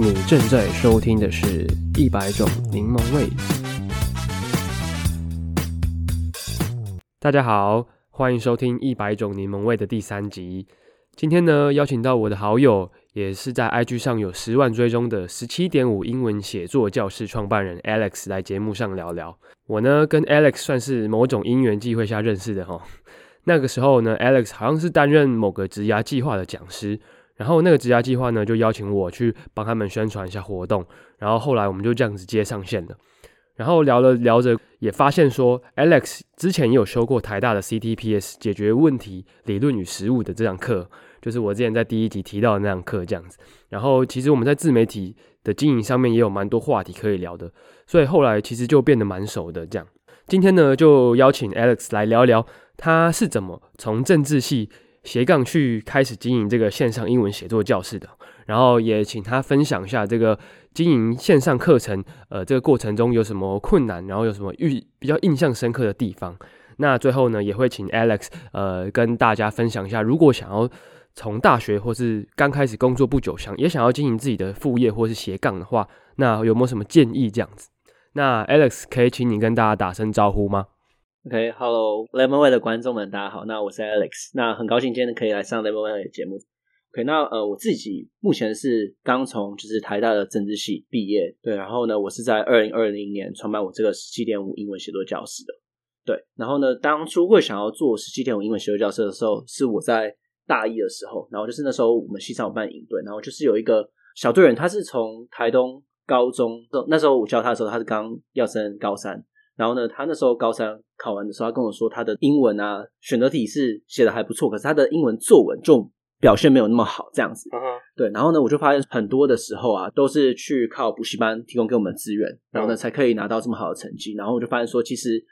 你正在收聽的是一百種檸檬味。大家好，歡迎收聽《一百種檸檬味》的第三集。今天呢，邀請到我的好友，也是在 IG 上有十萬追蹤的十七點五英文寫作教室創辦人 Alex 來節目上聊聊。我呢，跟 Alex 算是某種因緣際會下認識的哈。那個時候呢，Alex 好像是擔任某個職涯計劃的講師。然後那個職涯計劃呢，就邀請我去幫他們宣傳一下活動。然後後來我們就這樣子接上線了。然後聊着聊着，也發現說 Alex 之前也有修過台大的 CTPS 解決問題理論與實務的這堂課，就是我之前在第一集提到的那堂課這樣子。然後其實我們在自媒體的經營上面也有蠻多話題可以聊的，所以後來其實就變得蠻熟的這樣。今天呢，就邀請 Alex 來聊聊他是怎麼從政治系，斜槓去開始經營這個線上英文寫作教室的，然後也請他分享一下這個經營線上課程，呃，這個過程中有什麼困難，然後有什麼印比較印象深刻的地方。那最後呢，也會請 Alex 呃跟大家分享一下，如果想要從大學或是剛開始工作不久想也想要經營自己的副業或是斜槓的話，那有沒有什麼建議這樣子？那 Alex 可以請你跟大家打聲招呼嗎？OK，Hello，Lemonway 的觀眾們，大家好。那我是 Alex。那很高興今天可以來上 Lemonway 的節目。OK，那呃，我自己目前是剛從就是台大的政治系畢業。對，然後呢，我是在二零二零年創辦我這個十七點五英文寫作教室的。對，然後呢，當初會想要做十七點五英文寫作教室的時候，是我在大一的時候。然後就是那時候我們系上有辦營隊，然後就是有一個小隊員，他是從台東高中。那時候我教他的時候，他是剛要升高三。然後呢，他那時候高三考完的時候，他跟我說他的英文啊選擇題是寫得還不錯，可是他的英文作文就表現沒有那麼好這樣子。Uh huh. 對，然後呢，我就發現很多的時候啊，都是去靠補習班提供給我們的資源，然後呢才可以拿到這麼好的成績。Uh huh. 然後我就發現說，其實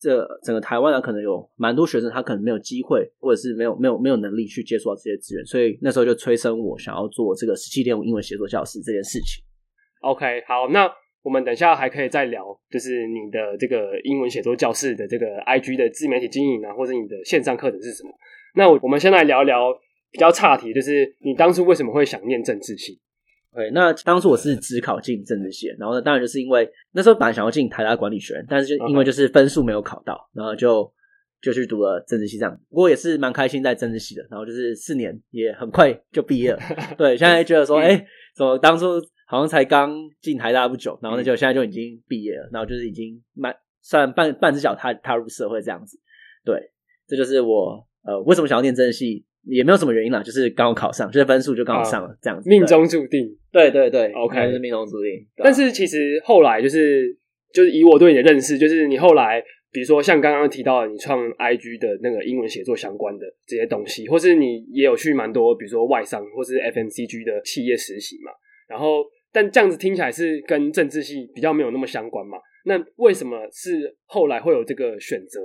這整個台灣啊，可能有蠻多學生他可能沒有機會，或者是沒有沒有沒有能力去接觸到這些資源，所以那時候就催生我想要做這個十七點五英文寫作教室這件事情。OK，好，那。我們等下還可以再聊，就是你的這個英文寫作教室的這個 IG 的自媒體經營啊，或者你的線上課程是什麼？那我們先來聊聊比較岔題，就是你當初為什麼會想念政治系？對，那當初我是只考進政治系，然後呢，當然就是因為那時候本來想要進台大管理學院，但是就因為就是分數沒有考到，然後就就去讀了政治系這樣。不過也是蠻開心在政治系的，然後就是四年也很快就畢業了。對，現在覺得說，哎，怎麼當初？好像才剛進台大不久，然後那就現在就已經畢業了，嗯、然後就是已經滿算半半只腳踏踏入社會這樣子。對，這就是我呃為什麼想要念政治系，也沒有什麼原因啦，就是剛好考上，就是分數就剛好上了好這樣子，命中注定。對對對,對，OK，、嗯就是命中注定。對但是其實後來就是就是以我對你的認識，就是你後來比如說像剛剛提到的你創 IG 的那個英文寫作相關的這些東西，或是你也有去蠻多比如說外商或是 FMCG 的企業實習嘛，然後。但這樣子聽起來是跟政治系比較沒有那麼相關嘛？那為什麼是後來會有這個選擇，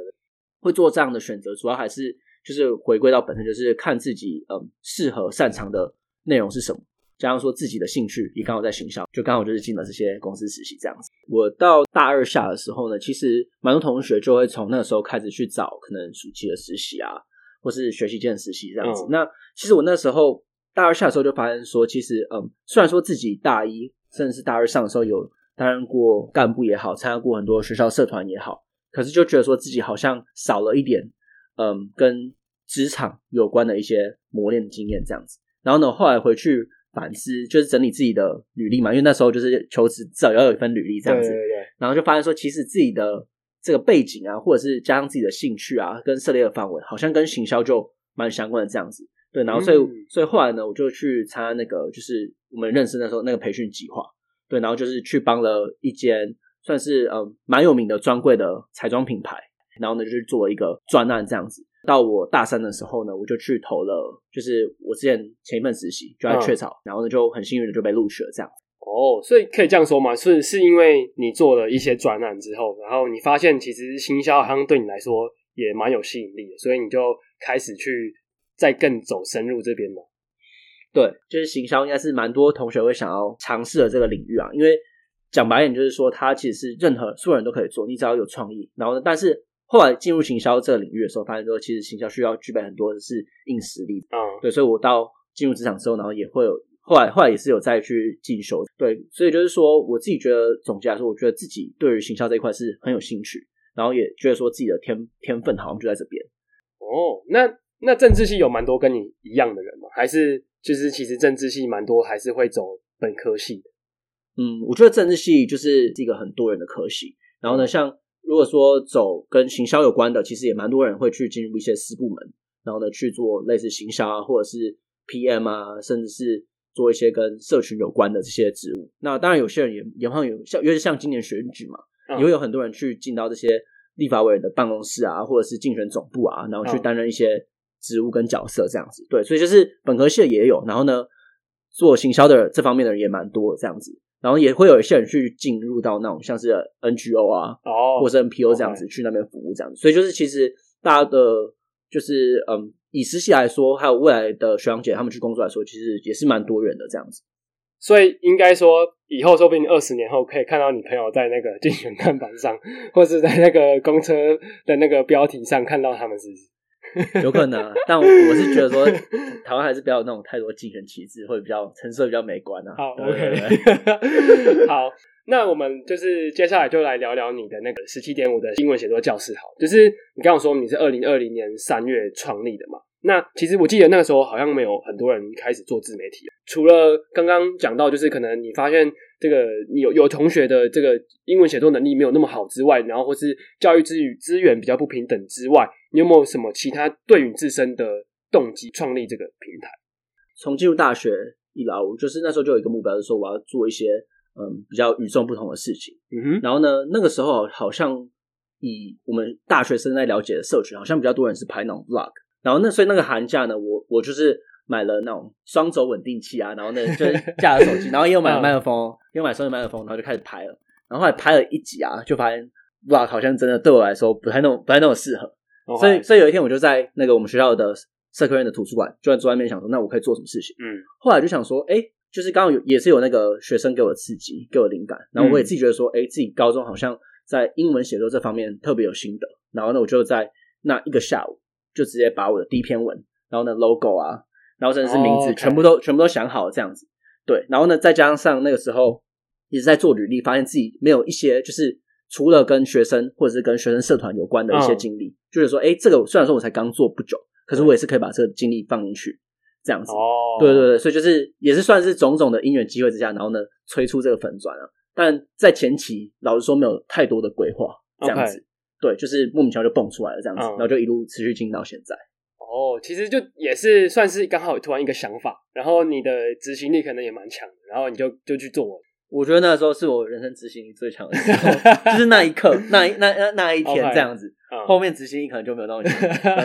會做這樣的選擇？主要還是就是回歸到本身，就是看自己嗯適合擅長的內容是什麼，加上說自己的興趣也剛好在行銷，就剛好就是進了這些公司實習這樣子。我到大二下的時候呢，其實蠻多同學就會從那時候開始去找可能暑期的實習啊，或是學習間的實習這樣子。嗯、那其實我那時候。大二下的時候就發現說，其實嗯，雖然說自己大一甚至是大二上的時候有擔任過幹部也好，參加過很多學校社團也好，可是就覺得說自己好像少了一點，嗯，跟職場有關的一些磨練的經驗這樣子。然後呢，後來回去反思，就是整理自己的履歷嘛，因為那時候就是求職，至少要有一份履歷這樣子。對對對。然後就發現說，其實自己的這個背景啊，或者是加上自己的興趣啊，跟涉獵的範圍，好像跟行銷就蠻相關的這樣子。對，然後所以，嗯、所以後來呢，我就去參加那個，就是我們認識那時候那個培訓計劃。對，然後就是去幫了一間算是呃、嗯、蠻有名的專櫃的彩妝品牌。然後呢，就是做了一個專案這樣子。到我大三的時候呢，我就去投了，就是我之前前一份實習就在雀巢。嗯、然後呢，就很幸運的就被錄取了這樣子。哦，所以可以這樣說嗎？是是因為你做了一些專案之後，然後你發現其實行銷好像對你來說也蠻有吸引力的，所以你就開始去。再更走深入這邊嘛，對，就是行銷應該是蠻多同學會想要嘗試的這個領域啊。因為講白點，就是說它其實是任何所有人都可以做，你只要有創意。然後呢，但是後來進入行銷這個領域的時候，發現說其實行銷需要具備很多的是硬實力。嗯，uh. 對，所以我到進入職場之後，然後也會有後來後來也是有再去進修。對，所以就是說我自己覺得，總結來說，我覺得自己對於行銷這一塊是很有興趣，然後也覺得說自己的天天分好像，就在這邊。哦，oh, 那。那政治系有蠻多跟你一樣的人嗎？還是就是其實政治系蠻多還是會走本科系的？嗯，我覺得政治系就是一個很多人的科系。然後呢，像如果說走跟行銷有關的，其實也蠻多人會去進入一些私部門，然後呢去做類似行銷啊，或者是 PM 啊，甚至是做一些跟社群有關的這些職務。那當然有些人也也好像有像，尤其像今年選舉嘛，也會有很多人去進到這些立法委員的辦公室啊，或者是競選總部啊，然後去擔任一些。職務跟角色這樣子，對，所以就是本科系的也有，然後呢，做行銷的這方面的人也蠻多這樣子，然後也會有一些人去進入到那種像是 NGO 啊，哦，oh, 或是 NPO 這樣子 okay. 去那邊服務這樣子，所以就是其實大家的，就是嗯，以實習來說，還有未來的學長姐他們去工作來說，其實也是蠻多元的這樣子。所以應該說，以後說不定二十年後可以看到你朋友在那個競選看板上，或是在那個公車的那個標題上看到他們是不是？ 有可能，啊，但我，我是覺得說，台灣還是不要有那種太多競選旗幟，會比較成色比較美觀啊。好對對，OK。 好，那我們就是接下來就來聊聊你的那個十七點五的英文寫作教室。好，就是你剛剛說你是二零二零年三月創立的嘛？那其實我記得那個時候好像沒有很多人開始做自媒體了。除了剛剛講到，就是可能你發現這個有有同學的這個英文寫作能力沒有那麼好之外，然後或是教育資源資源比較不平等之外，你有沒有什麼其他對於自身的動機創立這個平台？從進入大學以來，我就是那時候就有一個目標，就是說我要做一些嗯比較與眾不同的事情。嗯哼。然後呢，那個時候好像以我們大學生在了解的社群，好像比較多人是拍那種 vlog。然後那所以那個寒假呢，我我就是。買了那種雙軸穩定器啊，然後呢，就架了手機， 然後又買了麥克風， 又買雙立麥克風，然後就開始拍了。然後後來拍了一集啊，就發現哇，好像真的對我來說不太那種，不太那麼適合。Oh, right. 所以，所以有一天我就在那個我們學校的社科院的圖書館，就在坐外面想說，那我可以做什麼事情？嗯，mm. 後來就想說，哎、欸，就是剛好有也是有那個學生給我刺激，給我靈感。然後我也自己覺得說，哎、mm. 欸，自己高中好像在英文寫作這方面特別有心得。然後呢，我就在那一個下午，就直接把我的第一篇文，然後呢，logo 啊。然後真的是名字全部都 Okay. 全部都想好了這樣子，對。然後呢，再加上那個時候一直、oh. 在做履歷，發現自己沒有一些就是除了跟學生或者是跟學生社團有關的一些經歷，oh. 就是說，哎，這個雖然說我才剛做不久，可是我也是可以把這個經歷放進去這樣子。哦，oh. 對，對對對，所以就是也是算是種種的因緣機會之下，然後呢催出這個粉專啊。但在前期老實說沒有太多的規劃，這樣子。Okay. 對，就是莫名其妙就蹦出來了這樣子，oh. 然後就一路持續進到現在。哦，oh, 其實就也是算是剛好突然一個想法，然後你的執行力可能也蠻強，然後你就就去做。我覺得那時候是我人生執行力最強的時候， 就是那一刻、那一、那、那一天這樣子。Okay. 後面執行力可能就沒有那麼強。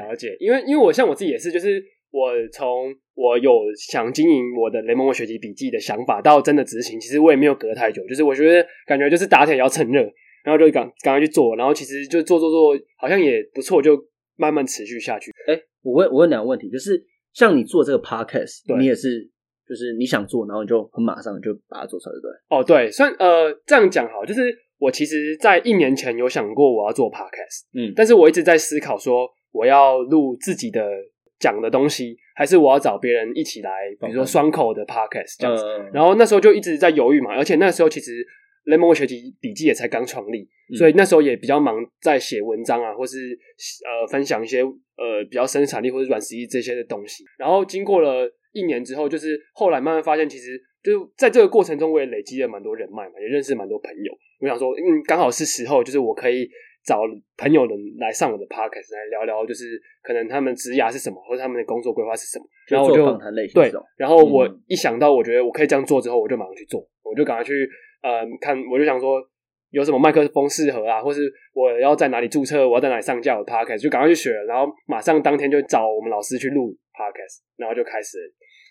了解，因為因為我像我自己也是，就是我從我有想經營我的 Lemonway 學習筆記的想法到真的執行，其實我也沒有隔太久。就是我覺得感覺就是打鐵要趁熱，然後就趕趕快去做，然後其實就做做做，好像也不錯就。慢慢持續下去。哎、欸，我問，我問兩個問題，就是像你做這個 podcast，對你也是，就是你想做，然後你就很馬上就把它做出來，對不對？哦，對，算呃，這樣講好，就是我其實，在一年前有想過我要做 podcast，嗯，但是我一直在思考說，我要錄自己的講的東西，還是我要找別人一起來，比如說雙口的 podcast、嗯、這樣子。然後那時候就一直在猶豫嘛，而且那時候其實。Lemonway 學習筆記也才剛創立，嗯、所以那時候也比較忙，在寫文章啊，或是呃分享一些呃比較生產力或者軟實力這些的東西。然後經過了一年之後，就是後來慢慢發現，其實就在這個過程中，我也累積了蠻多人脈嘛，也認識蠻多朋友。我想說，嗯，剛好是時候，就是我可以找朋友人來上我的 podcast 來聊聊，就是可能他們職涯是什麼，或者他們的工作規劃是什麼。然後我就，就對。然後我一想到我覺得我可以這樣做之後，我就馬上去做，我就趕快去。呃、嗯，看我就想說有什麼麥克風適合啊，或是我要在哪裡註冊，我要在哪裡上架我的 podcast，就趕快去學，然後馬上當天就找我們老師去錄 podcast，然後就開始。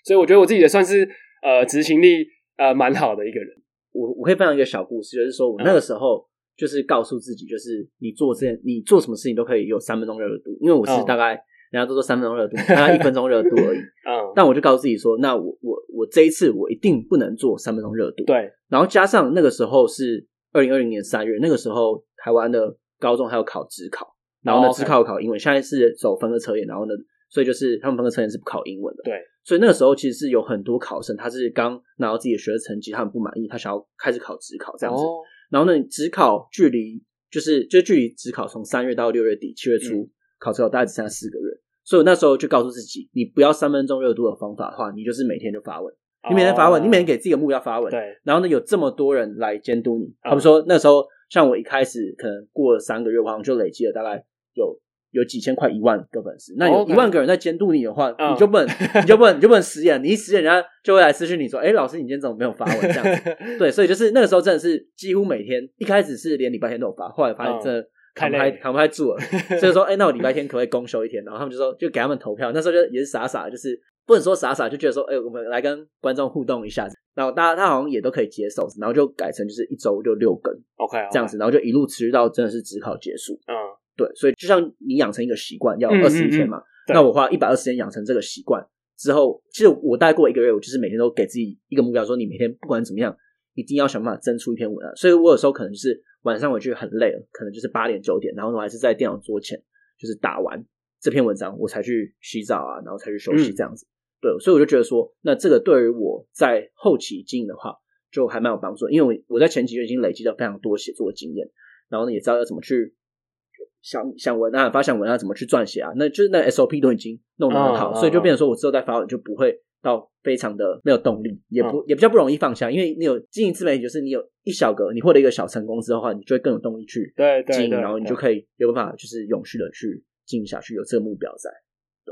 所以我覺得我自己也算是呃執行力呃蠻好的一個人。我我可以分享一個小故事，就是說我那個時候就是告訴自己，就是你做這件，你做什麼事情都可以有三分鐘熱度，因為我是大概。人家都說三分鐘熱度，他一分鐘熱度而已。啊， 但我就告訴自己說，那我我我這一次我一定不能做三分鐘熱度。對。然後加上那個時候是二零二零年三月，那個時候台灣的高中還有考指考，然後呢指 Okay. 考考英文，現在是走分科測驗，然後呢，所以就是他們分科測驗是不考英文的。對。所以那個時候其實是有很多考生，他是剛拿到自己的學測成績，他很不滿意，他想要開始考指考這樣子。Oh. 然後呢，指考距離就是就是、距離指考從三月到六月底七月初、嗯、考指考大概只剩下四個月。所以我那時候就告訴自己，你不要三分鐘熱度的方法的話，你就是每天就發文，oh, 你每天發文，你每天給自己的目標發文，對。然後呢，有這麼多人來監督你。他們、oh. 說那個、時候，像我一開始可能過了三個月，我好像就累積了大概有有幾千、快一萬個粉絲。那你一萬個人在監督你的話，你就不能，你就不能，你就不能食言，你一食言人家就會來私信你說：“哎，老師，你今天怎麼沒有發文？”這樣子。 對，所以就是那個時候真的是幾乎每天，一開始是連禮拜天都有發，後來發現真的。Oh. 扛不住扛太累 不住了，所以說，哎、欸，那我禮拜天可不可以公休一天？然後他們就說，就給他們投票。那時候就也是傻傻的，就是不能說傻傻，就覺得說，哎、欸，我們來跟觀眾互動一下子。然後大家，他好像也都可以接受。然後就改成就是一周就六更，OK，, okay. 這樣子。然後就一路持續到真的是指考結束。嗯，對。所以就像你養成一個習慣要二十一天嘛，嗯嗯嗯對那我花一百二十天養成這個習慣之後，其實我大概過一個月，我就是每天都給自己一個目標，說你每天不管怎麼樣。一定要想辦法爭出一篇文案、啊，所以我有時候可能就是晚上回去很累了，可能就是八點九點，然後我還是在電腦桌前就是打完這篇文章，我才去洗澡啊，然後才去休息這樣子。嗯、對，所以我就覺得說，那這個對於我在後期經營的話，就還蠻有幫助，因為我在前期就已經累積了非常多寫作的經驗，然後呢也知道要怎麼去想想文案，發想文案，怎麼去撰寫啊，那就是那 SOP 都已經弄得很好，哦哦哦所以就變成說我之後再發文就不會，要非常的沒有動力，也不、嗯、也比較不容易放下，因為你有經營自媒體，就是你有一小個你獲得一個小成功之後的話，你就會更有動力去經營,對對，然後你就可以有辦法，就是永續的去經營下去，有這個目標在。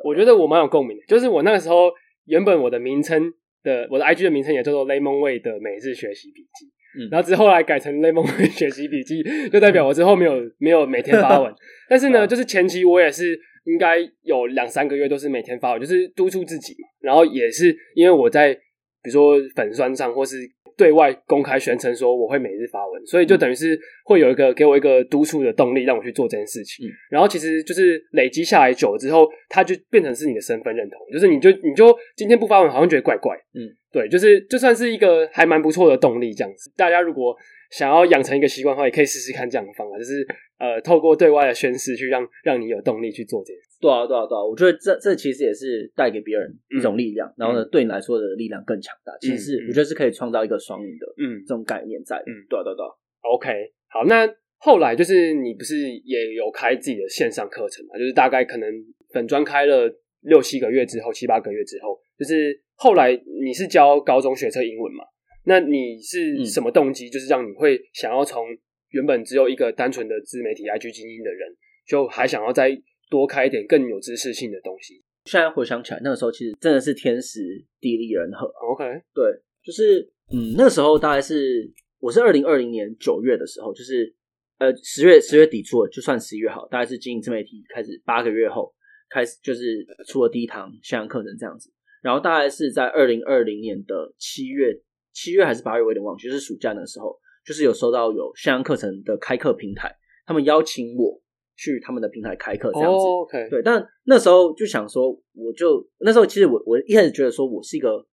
我覺得我蠻有共鳴，就是我那個時候原本我的名稱的我的 IG 的名稱也叫做 Lemonway 的每日學習筆記，嗯、然後之後來改成 Lemonway 學習筆記，就代表我之後沒有、嗯、沒有每天發文， 但是呢，就是前期我也是。應該有兩三個月都是每天發我，就是督促自己，然後也是因為我在，比如說粉專上或是。對外公開宣稱說我會每日發文，所以就等於是會有一個給我一個督促的動力，讓我去做這件事情。嗯、然後其實就是累積下來久了之後，它就變成是你的身份認同，就是你就你就今天不發文，好像覺得怪怪。嗯，對，就是就算是一個還蠻不錯的動力這樣子。大家如果想要養成一個習慣的話，也可以試試看這樣的方法，就是呃透過對外的宣示去讓讓你有動力去做這件事情。對啊，對啊，對啊！我覺得這這其實也是帶給別人一種力量，嗯、然後呢，嗯、對你來說的力量更強大。嗯、其實是、嗯、我覺得是可以創造一個雙贏的，嗯，這種概念在。嗯,嗯對、啊，對啊，對、啊、o、OK, k 好，那後來就是你不是也有開自己的線上課程嘛？就是大概可能本專開了六七個月之後，七八個月之後，就是後來你是教高中學測英文嘛？那你是什麼動機？嗯、就是讓你會想要從原本只有一個單純的自媒體 IG 精英的人，就還想要在。多開一點更有知識性的東西。現在回想起來，那個時候其實真的是天時地利人和。OK，對，就是嗯，那個時候大概是我是二零二零年九月的時候，就是呃十月十月底出了，就算十一月好，大概是經營自媒體開始八個月後，開始就是出了第一堂線上課程這樣子。然後大概是在二零二零年的七月，七月還是八月，我有點忘記，就是暑假的時候，就是有收到有線上課程的開課平台，他們邀請我。去他們的平台開課這樣子。Oh, OK。對。但那時候就想說，我就那時候其實我我一開始覺得說我是一個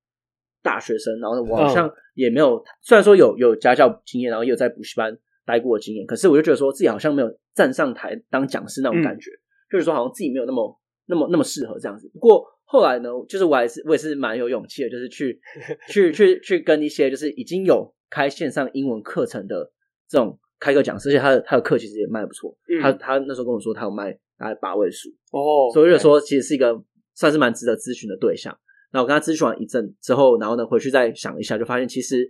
大學生，然後我好像也沒有，oh. 雖然說有有家教經驗，然後也有在補習班待過的經驗，可是我就覺得說自己好像沒有站上台當講師那種感覺，嗯、就是說好像自己沒有那麼那麼那麼適合這樣子。不過後來呢，就是我還是我也是蠻有勇氣的，就是去 去去去跟一些就是已經有開線上英文課程的這種。開課講，而且他的他的課其實也賣得不錯，嗯、他他那時候跟我說他有賣大概八位數哦，所以就說其實是一個算是蠻值得諮詢的對象。那、哦 okay. 我跟他諮詢完一陣之後，然後呢回去再想一下，就發現其實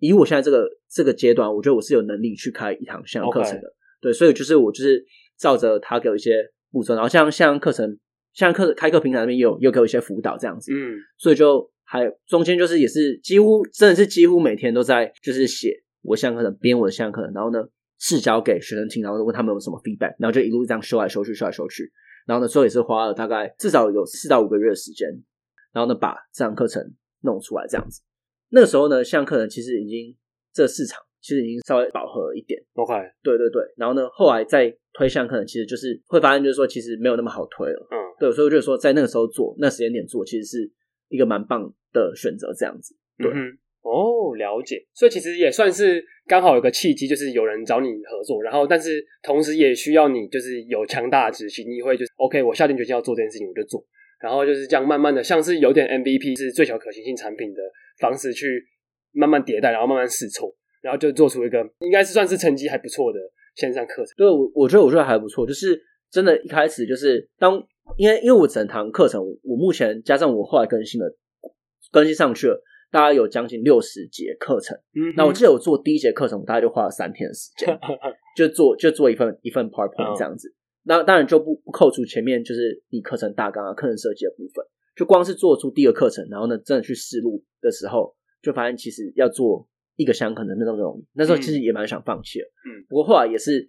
以我現在這個這個階段，我覺得我是有能力去開一堂線上課程的。Okay. 對，所以就是我就是照着他給我一些步驟，然後像線上課程、線上課開課平台那邊有有給我一些輔導這樣子，嗯，所以就還中間就是也是幾乎真的是幾乎每天都在就是寫我線上課程、編我的線上課程，然後呢。試教給學生聽，然後問他們有什麼 feedback，然後就一路這樣修來修去，修來修去，然後呢，最後也是花了大概至少有四到五個月的時間，然後呢，把這堂課程弄出來這樣子。那個時候呢，線上課程其實已經這個市場其實已經稍微飽和了一點。OK，對對對。然後呢，後來再推線上課程，其實就是會發現就是說，其實沒有那麼好推了。嗯。Uh. 對，所以我就說，在那個時候做，那時間點做，其實是一個蠻棒的選擇，這樣子。對。Mm hmm. 哦，了解，所以其實也算是剛好有個契機，就是有人找你合作，然後但是同時也需要你就是有強大執行力，會就是 OK，我下定決心要做這件事情，我就做，然後就是這樣慢慢的，像是有點 MVP 是最小可行性產品的方式去慢慢迭代，然後慢慢試錯，然後就做出一個應該是算是成績還不錯的線上課程。對我，我覺得我覺得還不錯，就是真的一開始就是當因為因為我整堂課程，我目前加上我後來更新了，更新上去了。大概有將近六十節課程，嗯哼。那我記得我做第一節課程，大概就花了三天的時間， 就做就做一份一份 PowerPoint 這樣子。Oh. 那當然就不不扣除前面就是你課程大綱啊、課程設計的部分，就光是做出第二課程，然後呢真的去試錄的時候，就發現其實要做一個可能的那種，那時候其實也蠻想放棄了。嗯，不過後來也是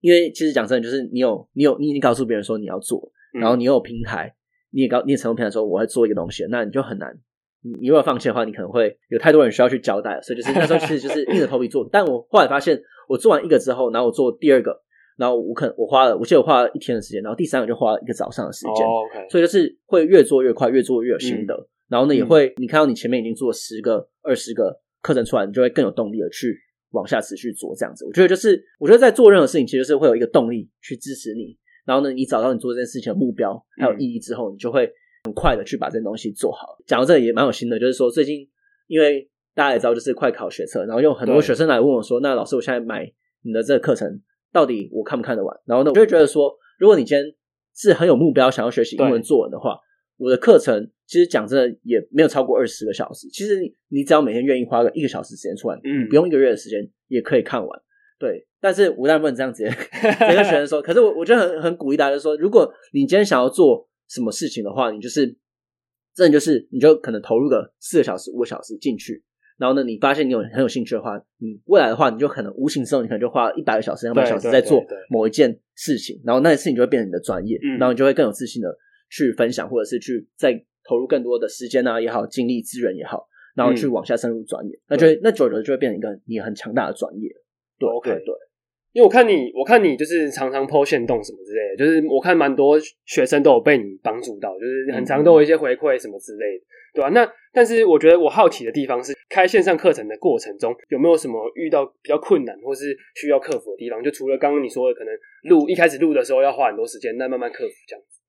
因為其實講真的，就是你有你有你你告訴別人說你要做，然後你有平台，你也告你也成功平台說我要做一個東西，那你就很難。你如果放棄的話，你可能會有太多人需要去交代，所以就是那時候其實就是硬着頭皮做。 但我後來發現，我做完一個之後，然後我做第二個，然後我可能我花了，我記得我花了一天的時間，然後第三個就花了一個早上的時間，oh, okay. 所以就是會越做越快，越做越有心得。嗯、然後呢，也會、嗯、你看到你前面已經做了十個、二十個課程出來，你就會更有動力的去往下持續做這樣子。我覺得就是，我覺得在做任何事情，其實是會有一個動力去支持你。然後呢，你找到你做這件事情的目標還有意義之後，嗯、你就會。很快的去把這東西做好。講到這也蠻有心得，就是說最近因為大家也知道，就是快考學測，然後有很多學生來問我說：“那老師，我現在買你的這個課程，到底我看不看得完？”然後呢，我就覺得說，如果你今天是很有目標，想要學習英文作文的話，我的課程其實講真的也沒有超過二十個小時。其實你只要每天願意花個一個小時時間出來，嗯，不用一個月的時間也可以看完。對，但是我當然不能這樣直接。有的學生說：“可是我我覺得很很鼓勵大家就是說，如果你今天想要做。”什麼事情的話，你就是真的就是，你就可能投入個四個小時、五個小時進去，然後呢，你發現你有很有興趣的話，你未來的話，你就可能無形之中，你可能就花了一百個小時、兩百個小時在做某一件事情，然後那一次你就會變成你的專業，嗯、然後你就會更有自信的去分享，或者是去再投入更多的時間啊也好，精力資源也好，然後去往下深入專業，嗯、那就對那久了就會變成一個你很強大的專業，對，對。對。因為我看你，我看你就是常常 po 限動什麼之類的，就是我看蠻多學生都有被你幫助到，就是很常給我一些回饋什麼之類的，對吧、啊？那但是我覺得我好奇的地方是，開線上課程的過程中有沒有什麼遇到比較困難或是需要克服的地方？就除了剛剛你說的，可能錄一開始錄的時候要花很多時間，但慢慢克服這樣子。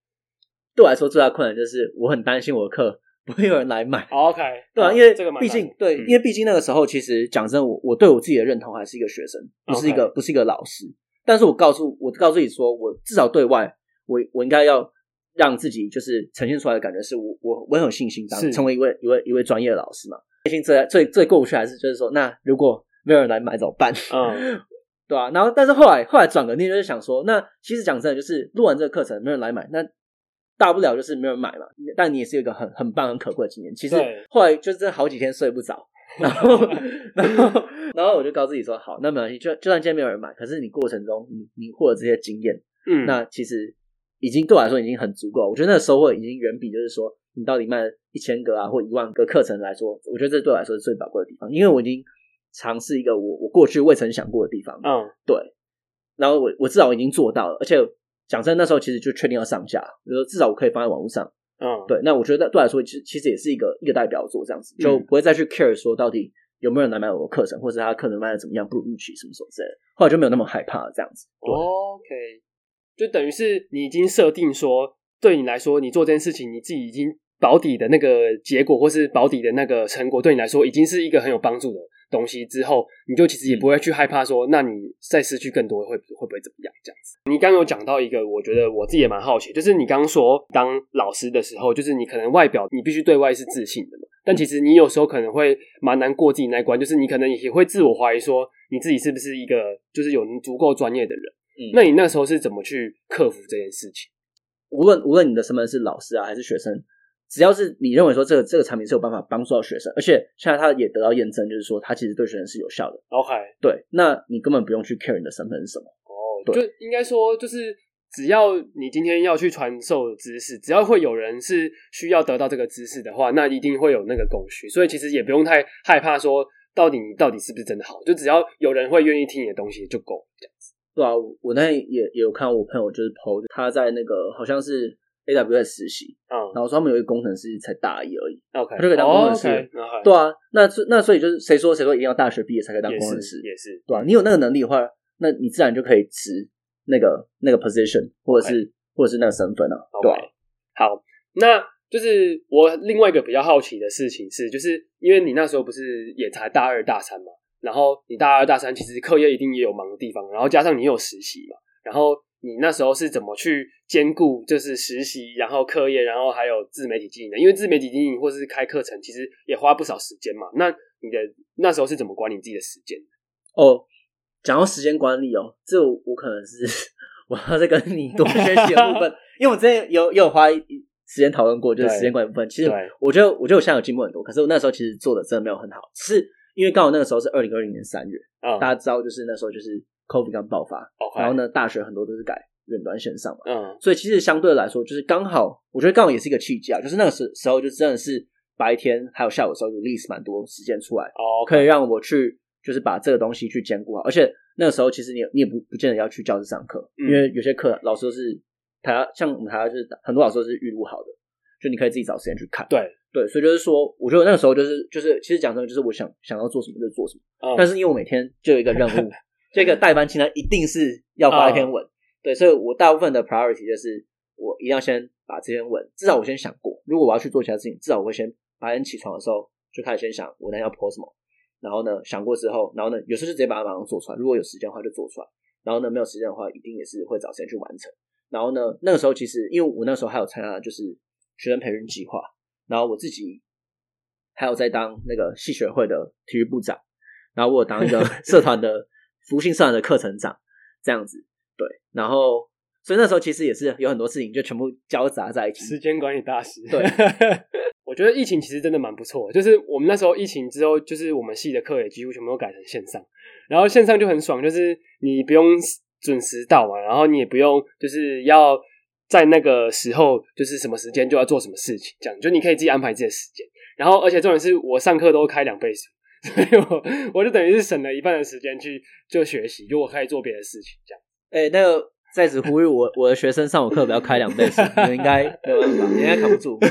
對我來說，最大困難就是我很擔心我的課。沒有人來買，OK，對啊，嗯、因為這個，畢竟、嗯、對，因為畢竟那個時候，其實講真我，我、嗯、我對我自己的認同還是一個學生，不是一個，Okay. 不是一個老師。但是我告訴我，告訴你說，我至少對外，我我應該要讓自己就是呈現出來的感覺，是我我我很有信心當，當是成為一位一位一位專業的老師嘛。內心是最最最過不去還是就是說，那如果沒有人來買，怎麼辦？啊、嗯， 對啊，然後，但是後來後來轉個念，就是想說，那其實講真的，就是錄完這個課程，沒有人來買，那。大不了就是沒有人買嘛，但你也是有一個很很棒，很可貴的經驗。其實後來就是好幾天睡不着，然後 然後然後我就告訴自己說：“好，那麼就就算今天沒有人買，可是你過程中你你獲得這些經驗，嗯，那其實已經對我來說已經很足夠。我覺得那個收穫已經遠比就是說你到底賣一千個啊或一萬個課程來說，我覺得這對我來說是最寶貴的地方，因為我已經嘗試一個我我過去未曾想過的地方。嗯，對，然後我我至少已經做到了，而且，講真，那時候其實就確定要上架，比如說至少我可以放在網絡上。嗯，對。那我覺得對來說，其實其實也是一個一個代表作，這樣子就不會再去 care 說到底有沒有人來買我的課程，或者他課程賣的怎麼樣，不如預期什麼什麼之類的，後來就沒有那麼害怕這樣子。OK，就等於是你已經設定說，對你來說，你做這件事情，你自己已經保底的那個結果，或是保底的那個成果，對你來說已經是一個很有幫助的東西之後，你就其實也不會去害怕說，那你再失去更多會會不會怎麼樣？這樣子，你剛剛有講到一個，我覺得我自己也蠻好奇，就是你剛剛說當老師的時候，就是你可能外表你必須對外是自信的嘛，但其實你有時候可能會蠻難過自己那一關，就是你可能也會自我懷疑說你自己是不是一個就是有足夠專業的人？嗯，那你那時候是怎麼去克服這件事情？嗯，無論無論你的身份是老師啊還是學生，只要是你認為說這個這個產品是有辦法幫助到學生，而且現在他也得到驗證，就是說他其實對學生是有效的。OK，對，那你根本不用去 care 你的身份是什麼？對就應該說，就是只要你今天要去傳授知識，只要會有人是需要得到這個知識的話，那一定會有那個供需。所以其實也不用太害怕說，到底你到底是不是真的好，就只要有人會願意聽你的東西就夠。這樣子。對啊，我那也也有看我朋友就是 PO 他在那個好像是 AW 在實習，嗯、然後說他們有一個工程師才大一而已，okay, 他就可以當工程師。哦、okay, okay. 對啊，那那所以就是誰說誰說一定要大學畢業才可以當工程師？也是，也是對啊，你有那個能力的話，那你自然就可以持那個那個 position，或者是 Okay. 或者是那個身份了，Okay. 對吧。好，那就是我另外一個比較好奇的事情是，就是因為你那時候不是也才大二大三嘛，然後你大二大三其實課業一定也有忙的地方，然後加上你有實習嘛，然後你那時候是怎麼去兼顧就是實習，然後課業，然後還有自媒體經營的？因為自媒體經營或是開課程，其實也花不少時間嘛。那你的那時候是怎麼管理自己的時間？哦。Oh. 講到時間管理哦，這我、我可能是我要再跟你多學習的部分， 因為我之前有有、有花時間討論過，就是時間管理部分。其實我覺得，我覺得我現在有進步很多，可是我那時候其實做的真的沒有很好，只是因為剛好那個時候是二零二零年三月，嗯、大家知道就是那時候就是 COVID 剛爆發，嗯、然後呢，大學很多都是改遠端線上嘛，嗯，所以其實相對來說，就是剛好我覺得剛好也是一個契機啊，就是那個時時候就真的是白天還有下午的時候，有 release 蠻多時間出來，哦，okay、可以讓我去。就是把這個東西去兼顧好，而且那個時候其實你也你也不不見得要去教室上課，因為有些課老師都是台大，像我們台大就是很多老師都是預錄好的，就你可以自己找時間去看。對對，所以就是說，我覺得那個時候就是就是其實講真的，就是我想想要做什麼就做什麼，嗯、但是因為我每天就有一個任務， 這個代班清單，一定是要發一篇文。嗯、對，所以我大部分的 priority 就是我一定要先把這篇文，至少我先想過，如果我要去做其他事情，至少我會先白天起床的時候就開始先想我那天要 PO 什麼。然後呢，想過之後，然後呢，有時候就直接把它馬上做出來。如果有時間的話，就做出來。然後呢，沒有時間的話，一定也是會找時間去完成。然後呢，那個時候其實，因為我那時候還有參加就是學生培訓計劃，然後我自己還有在當那個系學會的體育部長，然後我有當一個社團的服務性社團的課程長， 這樣子對。然後，所以那時候其實也是有很多事情，就全部交雜在一起。時間管理大師。對。 覺得疫情其實真的蠻不錯，就是我們那時候疫情之後，就是我們系的課也幾乎全部都改成線上，然後線上就很爽，就是你不用準時到嘛，然後你也不用就是要在那個時候就是什麼時間就要做什麼事情，這樣就你可以自己安排自己的時間，然後而且重點是我上課都開兩倍速，所以我我就等於是省了一半的時間去就學習，就我可以做別的事情，這樣。誒那個。在此呼籲我我的學生上我課不要開兩倍速， 你應該沒有辦法， 吧，你應該扛不住。我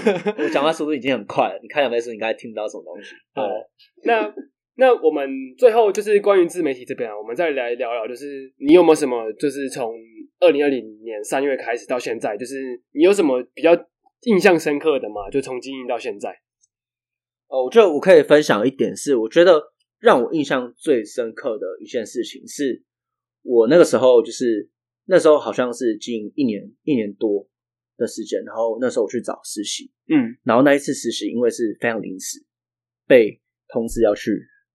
講話速度已經很快了，你開兩倍速，應該聽不到什麼東西。好，那那我們最後就是關於自媒體這邊啊，我們再來聊聊，就是你有沒有什麼就是從二零二零年三月開始到現在，就是你有什麼比較印象深刻的嘛？就從經營到現在。哦，我覺得我可以分享一點是，我覺得讓我印象最深刻的一件事情是我那個時候就是。那時候好像是近一年一年多的時間，然後那時候我去找實習，嗯，然後那一次實習因為是非常臨時，被通知要去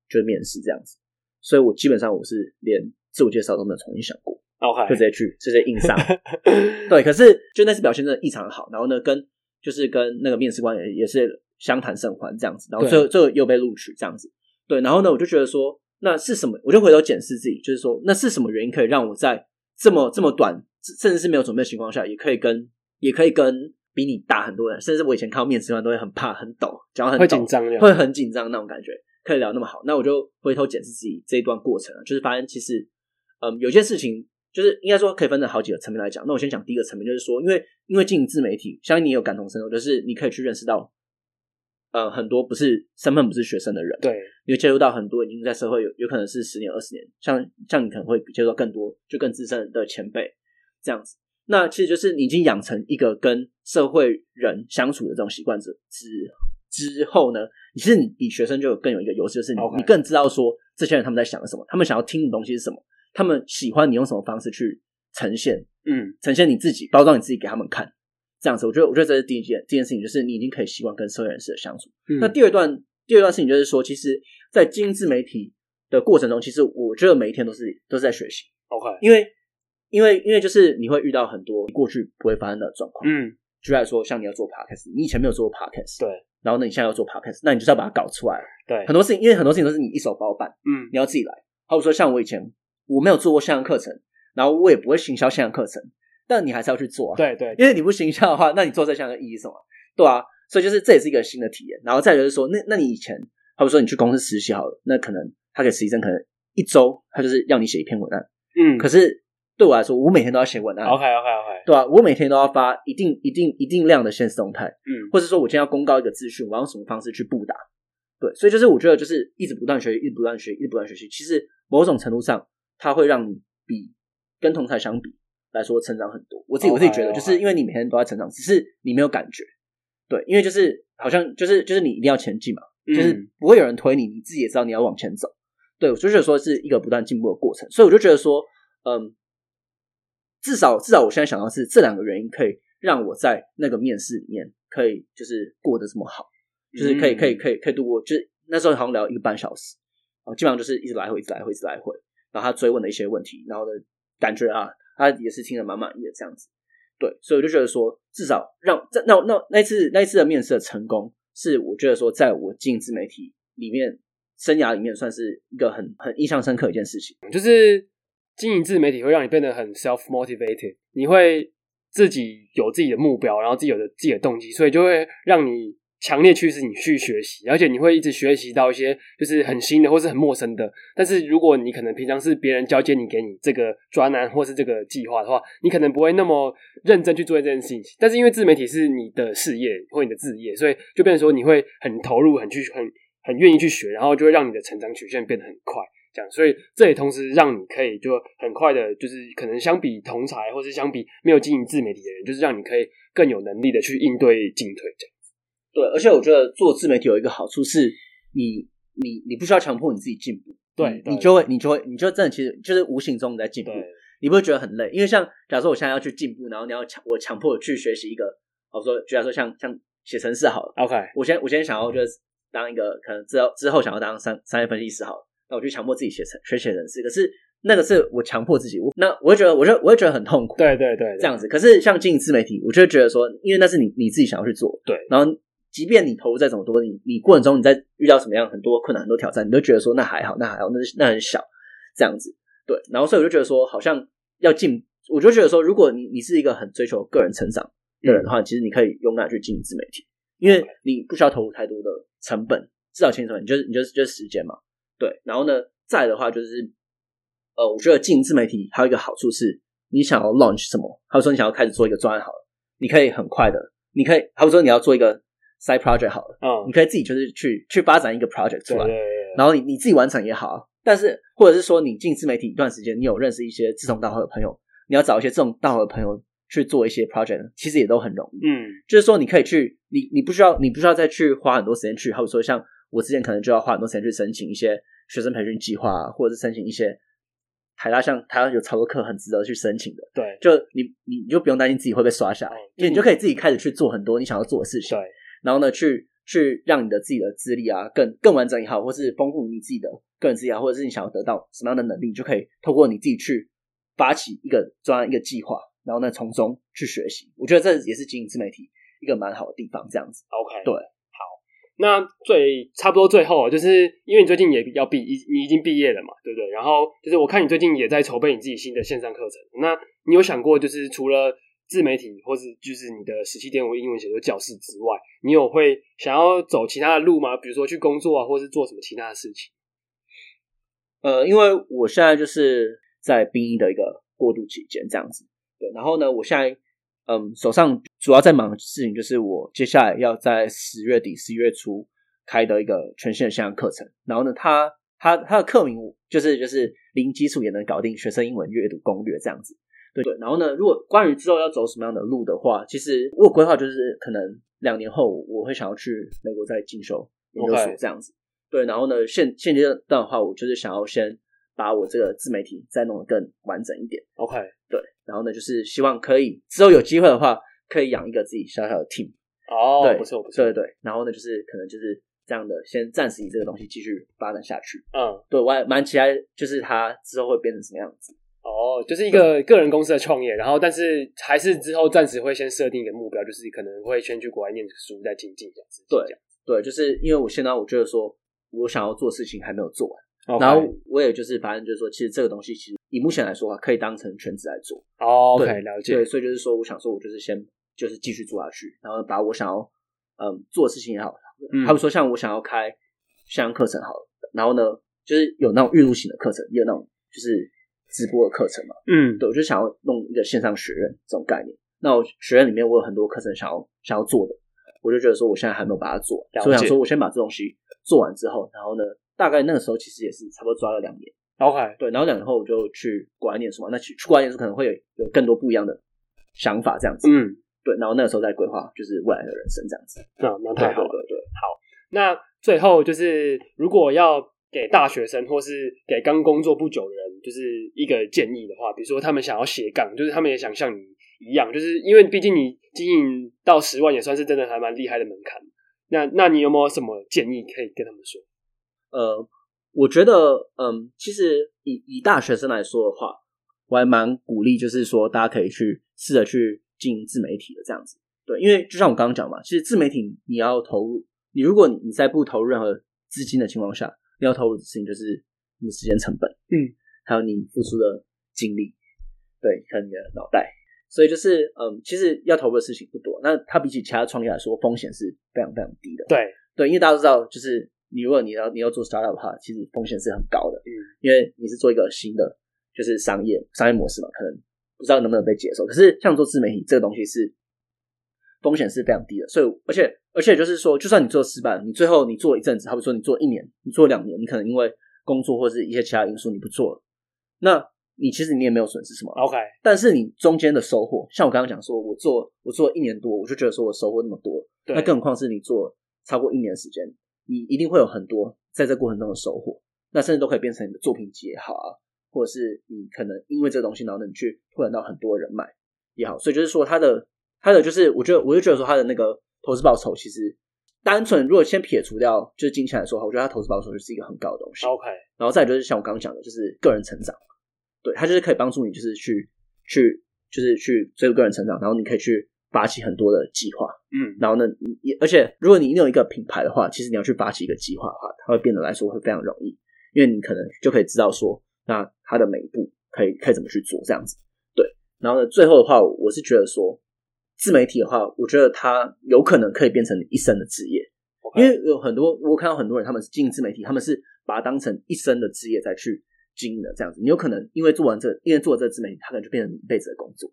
就是面試這樣子，所以我基本上我是連自我介紹都沒有重新想過，OK，就直接去直接硬上， 對，可是就那次表現真的異常好，然後呢，跟就是跟那個面試官也是相談甚歡這樣子，然後最後對最後又被錄取這樣子，對，然後呢，我就覺得說那是什麼？我就回頭檢視自己，就是說那是什麼原因可以讓我在這麼這麼短，甚至是沒有準備的情況下，也可以跟也可以跟比你大很多人，甚至我以前看到面試官都會很怕、很抖、講很會緊張，會很緊張那種感覺，可以聊那麼好。那我就回頭檢視自己這一段過程，就是發現其實，嗯，有些事情就是應該說可以分成好幾個層面來講。那我先講第一個層面，就是說，因為因為經營自媒體，相信你有感同身受，就是你可以去認識到。呃，很多不是身份不是學生的人，對，你會接觸到很多已經在社會有，有可能是十年二十年，像，像你可能會接觸到更多，就更資深的前輩這樣子。那其實就是你已經養成一個跟社會人相處的這種習慣者之之後呢，其實你比學生就有更有一個優勢，就是你 Okay. 你更知道說這些人他們在想什麼，他們想要聽的東西是什麼，他們喜歡你用什麼方式去呈現，嗯，呈現你自己，包裝你自己給他們看。這樣子，我覺得，我覺得這是第一件這件事情，就是你已經可以習慣跟社會人士的相處。嗯、那第二段，第二段事情就是說，其實，在經營自媒體的過程中，其實我覺得每一天都是都是在學習。OK，因為，因為，因為就是你會遇到很多你過去不會發生的狀況。嗯，就在說，像你要做 Podcast，你以前沒有做過 Podcast，對。然後呢，你現在要做 Podcast，那你就是要把它搞出來。對，很多事情，因為很多事情都是你一手包辦。嗯，你要自己來。好比說，像我以前我沒有做過線上課程，然後我也不會行銷線上課程。但你還是要去做，啊。對對，對，因為你不行銷的話，那你做這項的意義是什麼？對啊，所以就是這也是一個新的體驗。然後再來就是說，那那你以前，譬如說你去公司實習好了，那可能他給實習生可能一周他就是讓你寫一篇文案，嗯，可是對我來說，我每天都要寫文案，OK OK OK，對啊，我每天都要發一定一定一定量的限時動態，嗯，或者說我今天要公告一個資訊，我要用什麼方式去布達？對，所以就是我覺得就是一直不斷學習，一直不斷學習，一直不斷學習，其實某種程度上，它會讓你比跟同儕相比。來說成長很多，我自己我自己覺得，就是因為你每天都在成長，只是你沒有感覺。對，因為就是好像就是就是你一定要前進嘛，嗯、就是不會有人推你，你自己也知道你要往前走。對，我就覺得說是一個不斷進步的過程。所以我就覺得說，嗯，至少至少我現在想到是這兩個原因，可以讓我在那個面試裡面可以就是過得這麼好，嗯、就是可以可以可以可以度過。就是那時候好像聊一個半小時啊，基本上就是一直來回，一直來回，一直來回。然後他追問的一些問題，然後的感覺啊。他也是聽得蠻滿意的這樣子，對，所以我就覺得說，至少讓這、no, no, 那那那次那次的面試的成功，是我覺得說，在我進自媒體裡面生涯裡面，算是一個很很印象深刻的一件事情。就是經營自媒體會讓你變得很 self motivated，你會自己有自己的目標，然後自己有的自己的動機，所以就會讓你。強烈驅使你去學習，而且你會一直學習到一些就是很新的或是很陌生的，但是如果你可能平常是別人交接你給你這個專欄或是這個計劃的話，你可能不會那麼認真去做這件事情。但是因為自媒體是你的事業或你的職業，所以就變成說你會很投入、很去、很很願意去學，然後就會讓你的成長曲線變得很快。這樣，所以這也同時讓你可以就很快的，就是可能相比同儕或是相比沒有經營自媒體的人，就是讓你可以更有能力的去應對進退這樣。對，而且我覺得做自媒體有一個好處是你，你你你不需要強迫你自己進步，對你，你就會你就會你就真的其實就是無形中你在進步，對你不會覺得很累，因為像假如說我現在要去進步，然後你要強我強迫去學習一個，好說，假如說像像寫程式好了，OK，我現我現在想要就是當一個可能之後之後想要當三商業分析師好了，那我就強迫自己寫程學寫程式，可是那個是我強迫自己，我那我會覺得我就我就覺得很痛苦，對，對對對，這樣子。可是像經營自媒體，我就覺得說，因為那是你你自己想要去做，對，然後。即便你投入再怎麼多，你你過程中你在遇到什麼樣很多困難、很多挑戰，你都覺得說那還好，那還好，那那很小這樣子。對，然後所以我就覺得說，好像要進，我就覺得說，如果你你是一個很追求個人成長的人的話，嗯、其實你可以勇敢去經營自媒體，嗯、因為你不需要投入太多的成本，至少錢什麼，你就是你就是就是時間嘛。對，然後呢，再的話就是，呃，我覺得經營自媒體還有一個好處是，你想要 launch 什麼，還有說你想要開始做一個專案，好了，你可以很快的，你可以，還有說你要做一個。Side project 好了，uh, 你可以自己就是去去發展一個 project 出來，對對對對，然後你你自己完成也好，但是或者是說你進自媒體一段時間，你有認識一些志同道合的朋友，你要找一些志同道合的朋友去做一些 project，其實也都很容易，嗯，就是說你可以去，你你不需要你不需要再去花很多時間去，或者說像我之前可能就要花很多時間去申請一些學生培訓計劃，或者是申請一些台大，像台灣有超多課很值得去申請的，對，就你你就不用擔心自己會被刷下來，嗯、就你就可以自己開始去做很多你想要做的事情，對。然後呢，去去讓你的自己的資歷啊更更完整也好，或是豐富你自己的個人資歷啊，或者是你想要得到什麼樣的能力，就可以透過你自己去發起一個專案，一個計劃，然後呢，從中去學習。我覺得這也是經營自媒體一個蠻好的地方，這樣子。OK，對，好，那最差不多最後啊，就是因為你最近也要畢，你已經畢業了嘛，對不對？然後就是我看你最近也在籌備你自己新的線上課程，那你有想過就是除了？自媒體，或是就是你的17.5英文寫作教室之外，你有會想要走其他的路嗎？比如說去工作啊，或是做什麼其他的事情？呃，因為我現在就是在兵役的一個過渡期間，這樣子。對，然後呢，我現在嗯、呃，手上主要在忙的事情就是我接下來要在十月底、十一月初開的一個全新的線上課程。然後呢，他他他的課名就是就是零基礎也能搞定學生英文閱讀攻略這樣子。對對，然後呢，如果關於之後要走什麼樣的路的話，其實我規劃就是可能兩年後我會想要去美國再進修研究所 Okay. 這樣子。對，然後呢，現現階段的話，我就是想要先把我這個自媒體再弄得更完整一點。OK。對，然後呢，就是希望可以之後有機會的話，可以養一個自己小小的 team，oh，對。哦，不錯不錯。對，對對，然後呢，就是可能就是這樣的，先暫時以這個東西繼續發展下去。嗯，對，我還蠻期待，就是它之後會變成什麼樣子。哦，oh, 就是一個個人公司的創業，對然後但是還是之後暫時會先設定一個目標，就是可能會先去國外念書，再精進，進，進，進這樣子。對，對，就是因為我現在我覺得說我想要做事情還沒有做完，Okay. 然後我也就是反正就是說，其實這個東西其實以目前來說可以當成全職來做。哦、oh，OK，對了解。對，所以就是說，我想說，我就是先就是繼續做下去，然後把我想要嗯做的事情也好了，嗯、還有說像我想要開線上課程好了，然後呢，就是有那種預錄型的課程，也有那種就是。直播的課程嘛，嗯，對，我就想要弄一個線上學院這種概念。那我學院裡面，我有很多課程想要想要做的，我就覺得說我現在還沒有把它做，了解 所以我想說我先把這東西做完之後，然後呢，大概那個時候其實也是差不多抓了兩年。OK，對，然後兩年後我就去國外念書嘛，那去國外念書可能會有更多不一樣的想法，這樣子。嗯，對，然後那個時候再規劃就是未來的人生這樣子。啊、那太好了，對，對，對。好，那最後就是如果要。給大學生或是給剛工作不久的人，就是一個建議的話，比如說他們想要斜槓，就是他們也想像你一樣，就是因為畢竟你經營到十萬也算是真的還蠻厲害的門檻。那那你有沒有什麼建議可以跟他們說？呃，我覺得，嗯、呃，其實以以大學生來說的話，我還蠻鼓勵，就是說大家可以去試着去經營自媒體的這樣子。對，因為就像我剛剛講嘛，其實自媒體你要投入，你如果你在不投入任何資金的情況下。要投入的事情就是你的時間成本，嗯，還有你付出的精力，對，和你的腦袋。所以就是，嗯，其實要投入的事情不多。那它比起其他創業來說，風險是非常非常低的。對，對，因為大家都知道，就是你如果你要你要做 startup 的話，其實風險是很高的。嗯，因為你是做一個新的，就是商業商業模式嘛，可能不知道能不能被接受。可是像做自媒體這個東西是。風險是非常低的，所以而且而且就是說，就算你做失敗你最後你做一陣子，比如說你做一年，你做兩年，你可能因為工作或者是一些其他因素，你不做了，那你其實你也沒有損失什麼。OK，但是你中間的收穫，像我剛剛講說，說我做我做一年多，我就覺得說我收穫那麼多，那對更何況是你做超過一年的時間，你一定會有很多在這過程中的收穫，那甚至都可以變成你的作品集也好啊，或者是你可能因為這個東西，然後你去拓展到很多人脈也好，所以就是說它的。他的就是，我覺得，我就覺得說，他的那個投資報酬，其實單純如果先撇除掉，就是金錢來說的話，我覺得他投資報酬就是一個很高的東西。OK，然後再就是像我剛剛講的，就是個人成長，對他就是可以幫助你，就是去去就是去追求個人成長，然後你可以去發起很多的計劃，嗯，然後呢，你而且如果你一定有一個品牌的話，其實你要去發起一個計劃的話，它會變得來說會非常容易，因為你可能就可以知道說，那它的每一步可以可以怎麼去做這樣子，對。然後呢，最後的話，我是覺得說。自媒體的話，我覺得它有可能可以變成一生的職業，Okay. 因為有很多我看到很多人，他們是經營自媒體，他們是把它當成一生的職業再去經營的這樣子。你有可能因為做完這個，因為做了這個自媒體，他可能就變成一輩子的工作。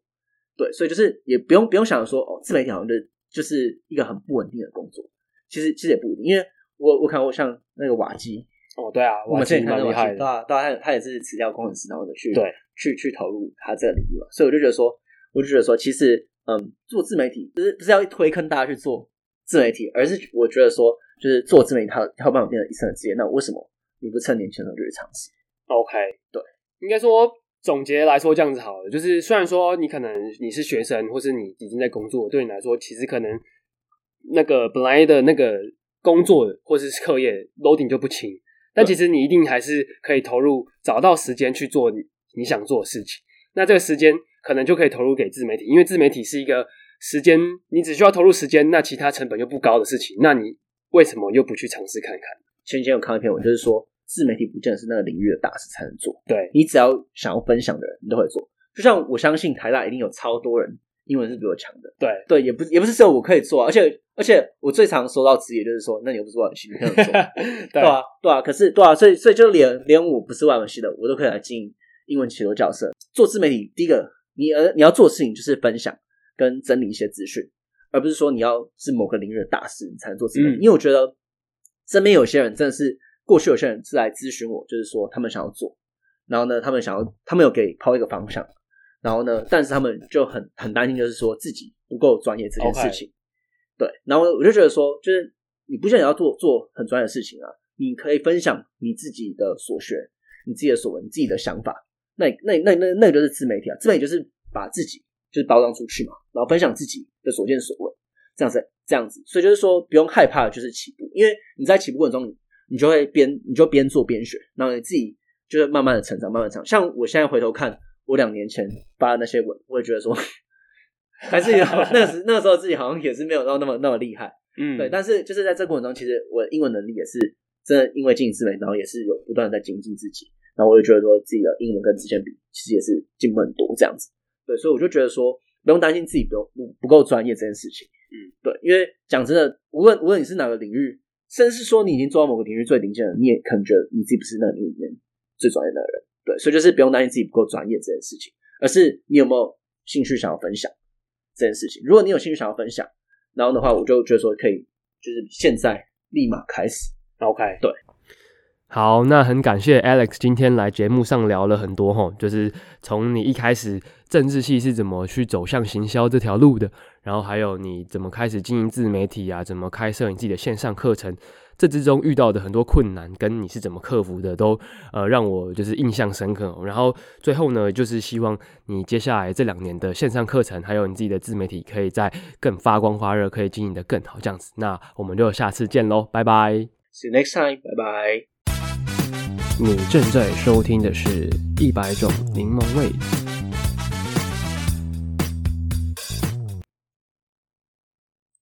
對，所以就是也不用不用想着說哦，自媒體好像就是、就是一個很不穩定的工作，其實其實也不一定，因為我我看到像那個瓦基哦，對啊，瓦基蠻厲害的，對啊，大家他也是辭掉工程師，然後去對去去投入他這個領域了。所以我就覺得說，我就覺得說，其實。嗯，做自媒體不是不是要推坑大家去做自媒體，而是我覺得說，就是做自媒體它它沒有辦法變成一生的職業。那為什麼你不趁年輕的時候就去嘗試？OK，對，應該說總結來說這樣子好了，就是雖然說你可能你是學生，或是你已經在工作，對你來說其實可能那個本來的那個工作或是課業 loading 就不輕，但其實你一定還是可以投入找到時間去做你你想做的事情。那這個時間。可能就可以投入給自媒體，因為自媒體是一個時間，你只需要投入時間，那其他成本又不高的事情，那你為什麼又不去嘗試看看？前幾天有看一篇文就是說自媒體不見得是那個領域的大師才能做，對，你只要想要分享的人，你都會做。就像我相信台大一定有超多人英文是比我強的，對，對，也不也不是只有我可以做，啊，而且而且我最常說到詞，也就是說，那你又不是外文系，你可以做。 對，對啊對啊，可是對啊，所以所以就連連我不是外文系的，我都可以來經營英文起頭角色，做自媒體。第一個。你而你要做的事情就是分享跟整理一些資訊，而不是說你要是某個領域的大師你才能做事情。因為我覺得身邊有些人真的是過去有些人是來諮詢我，就是說他們想要做，然後呢，他們想要他們有給拋一個方向，然後呢，但是他們就很很擔心，就是說自己不夠專業這件事情。對，然後我就覺得說，就是你不想要做做很專業的事情啊，你可以分享你自己的所學、你自己的所聞、自己的想法。那那那那那個就是自媒體啊，自媒體就是把自己就是包裝出去嘛，然後分享自己的所見所聞，這樣子這樣子，所以就是說不用害怕，就是起步，因為你在起步過程中，你，你就會邊你就邊做邊學，然後你自己就會慢慢的成長，慢慢成長。像我現在回頭看我兩年前發的那些文，我也覺得說，還是 那時那時候自己好像也是沒有到那麼那麼厲害，嗯，對。但是就是在這過程中，其實我的英文能力也是真的，因為經營自媒體，然後也是有不斷的在精進自己。然後我就覺得說自己的英文跟之前比，其實也是進步很多這樣子。對，所以我就覺得說不用擔心自己不用不不夠專業這件事情。嗯，對，因為講真的，無論無論你是哪個領域，甚至說你已經做到某個領域最頂尖了，你也可能覺得你自己不是那個領域裡面最專業的人。對，所以就是不用擔心自己不夠專業這件事情，而是你有沒有興趣想要分享這件事情？如果你有興趣想要分享，然後的話，我就覺得說可以，就是現在立馬開始。OK，對。好，那很感謝 Alex 今天來節目上聊了很多吼，就是從你一開始政治系是怎麼去走向行銷這條路的，然後還有你怎麼開始經營自媒體啊，怎麼開設你自己的線上課程，這之中遇到的很多困難跟你是怎麼克服的，都呃讓我就是印象深刻。然後最後呢，就是希望你接下來這兩年的線上課程還有你自己的自媒體，可以再更發光發熱，可以經營得更好這樣子。那我們就下次見嘍，拜拜，See you next time，拜拜。你正在收聽的是一百種檸檬味。